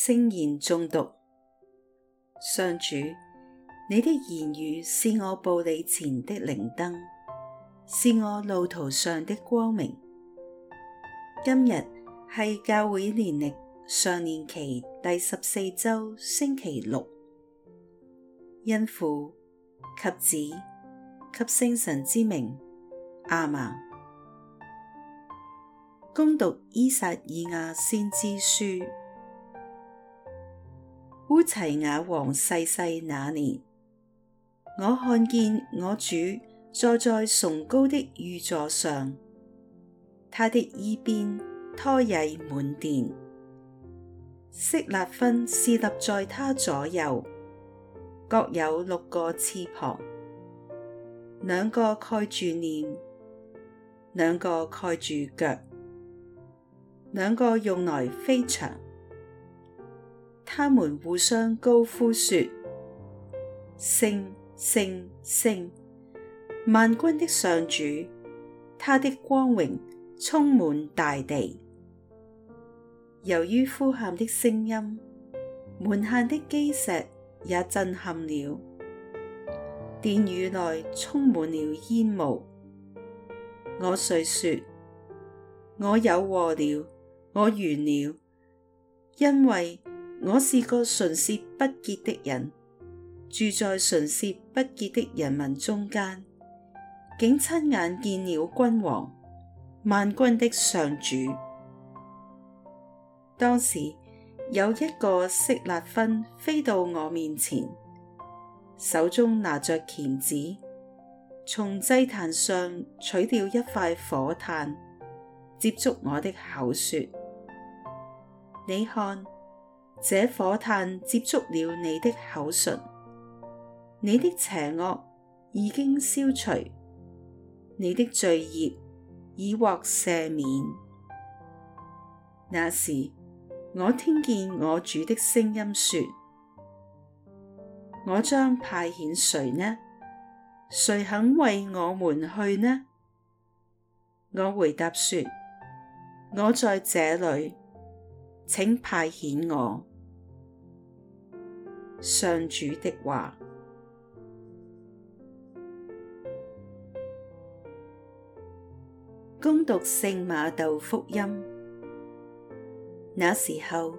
聖言誦讀，上主，你的言語是我步你前的靈燈，是我路途上的光明。今日係教會年曆常年期第十四周星期六，因父及子及聖神之名，阿瑪。恭讀《依撒意亞先知書》。烏齊雅王逝世那年，我看見我主坐在崇高的御座上，他的衣邊拖曳滿殿，色辣芬侍立在他左右，各有六個翅膀，兩個蓋住臉，兩個蓋住腳，兩個用來飛翔。他們互相高呼說：聖！聖！聖！萬軍的上主，他的光榮充滿大地。由於呼喊的聲音，門限的基石也震撼了，殿宇內充滿了煙霧。我遂說，我有禍了，我完了，因為。我是個唇舌不潔的人，住在唇舌不潔的人民中間，竟親眼見了君王萬軍的上主。當時有一個色辣芬飛到我面前，手中拿着鉗子，從祭壇上取掉一塊火炭，接觸我的口說：你看。這火炭接觸了你的口唇，你的邪惡已經消除，你的罪孽已獲赦免。那時，我聽見我主的聲音說：我將派遣誰呢？誰肯為我們去呢？我回答說：我在這裏。請派遣我。上主的話，恭讀聖瑪竇福音。那時候，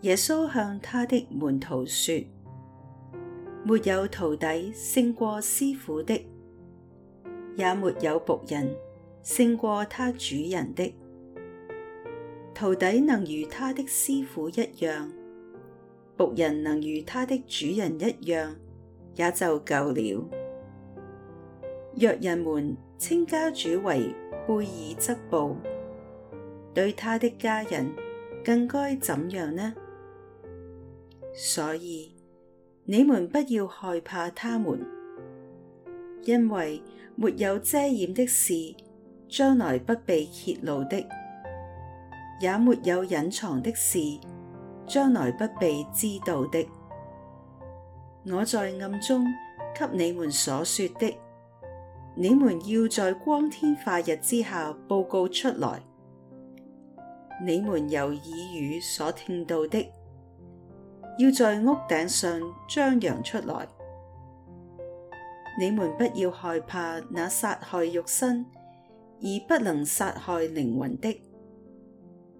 耶穌向他的門徒說：沒有徒弟勝過師傅的，也沒有僕人勝過他主人的。徒弟能如他的師傅一樣，僕人能如他的主人一樣，也就夠了。若人們稱家主為貝耳則步，對他的家人更該怎樣呢？所以你們不要害怕他們，因為沒有遮掩的事，將來不被揭露的。也沒有隱藏的事，將來不被知道的。我在暗中給你們所說的，你們要在光天化日之下報告出來。你們由耳語所聽到的，要在屋頂上張揚出來。你們不要害怕那殺害肉身，而不能殺害靈魂的。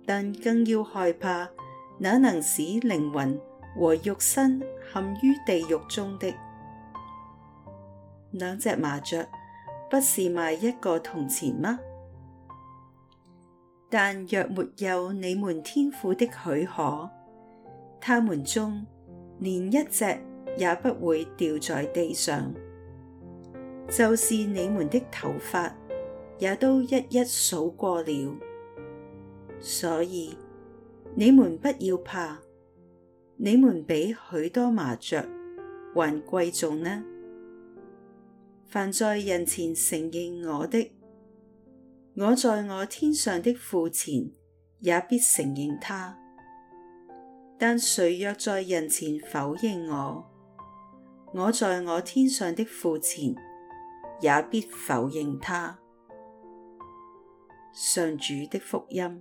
但更要害怕，那能使靈魂和肉身陷於地獄中的。兩隻麻雀不是賣一個銅錢嗎？但若沒有你們天父的許可，他們中連一隻也不會掉在地上。就是你們的頭髮，也都一一數過了。所以，你們不要怕，你們比許多麻雀還貴重呢。凡在人前承認我的，我在我天上的父前也必承認他；但誰若在人前否認我，我在我天上的父前也必否認他。上主的福音。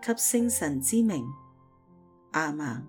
及聖神之名，阿們。